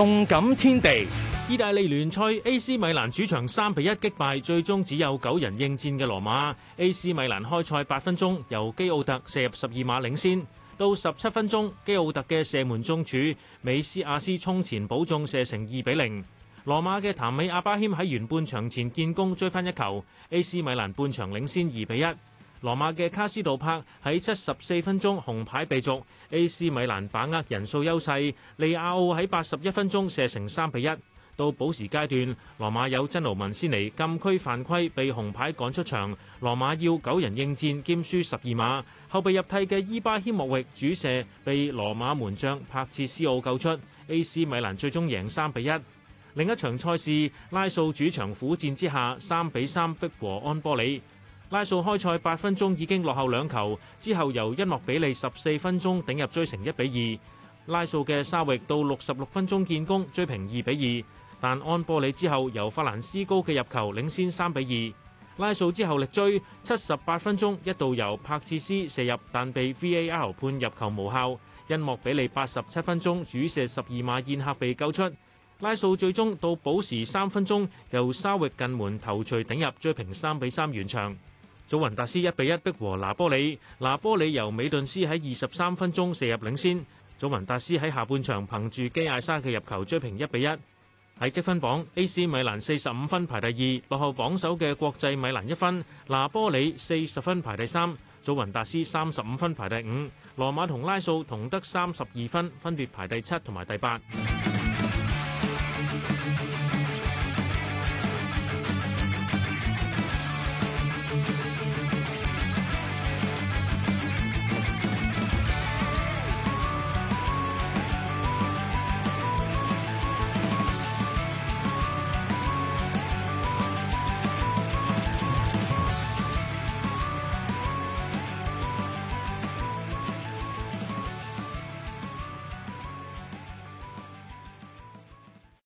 動感天地，意大利聯賽 A.C. 米蘭主場三比一擊敗最終只有九人應戰嘅羅馬。A.C. 米蘭開賽八分鐘，由基奧特射入十二碼領先。到十七分鐘，基奧特嘅射門中柱，美斯亞斯衝前補中射成二比零。羅馬嘅譚美阿巴謙喺完半場前建功追翻一球，A.C. 米蘭半場領先二比一。羅馬嘅卡斯杜帕喺七十四分鐘紅牌被逐，AC 米蘭把握人數優勢，利亞奧喺八十一分鐘射成三比一。到補時階段，羅馬有真奴文斯尼禁區犯規被紅牌趕出場，羅馬要九人應戰兼輸十二碼。後備入替嘅伊巴希莫域主射被羅馬門將帕切斯奧救出，AC 米蘭最終贏三比一。另一場賽事，拉素主場苦戰之下三比三逼和安玻里。拉素開賽八分鐘已經落後兩球，之後由恩莫比利十四分鐘頂入追成一比二。拉素嘅沙域到六十六分鐘建功追平二比二，但安波里之後由法蘭斯高嘅入球領先三比二。拉素之後力追，七十八分鐘一度由帕切斯射入，但被 VAR 判入球無效。恩莫比利八十七分鐘主射十二碼驗客被救出，拉素最終到補時三分鐘由沙域近門頭槌頂入追平三比三完場。祖雲達斯一比一迫和拿玻里，拿玻里由美頓斯喺二十三分鐘射入領先，祖雲達斯喺下半場憑住基亞沙嘅入球追平一比一。喺積分榜，AC 米蘭四十五分排第二，落後榜首嘅國際米蘭一分，拿玻里四十分排第三，祖雲達斯三十五分排第五，羅馬同拉素同得三十二分，分別排第七同埋第八。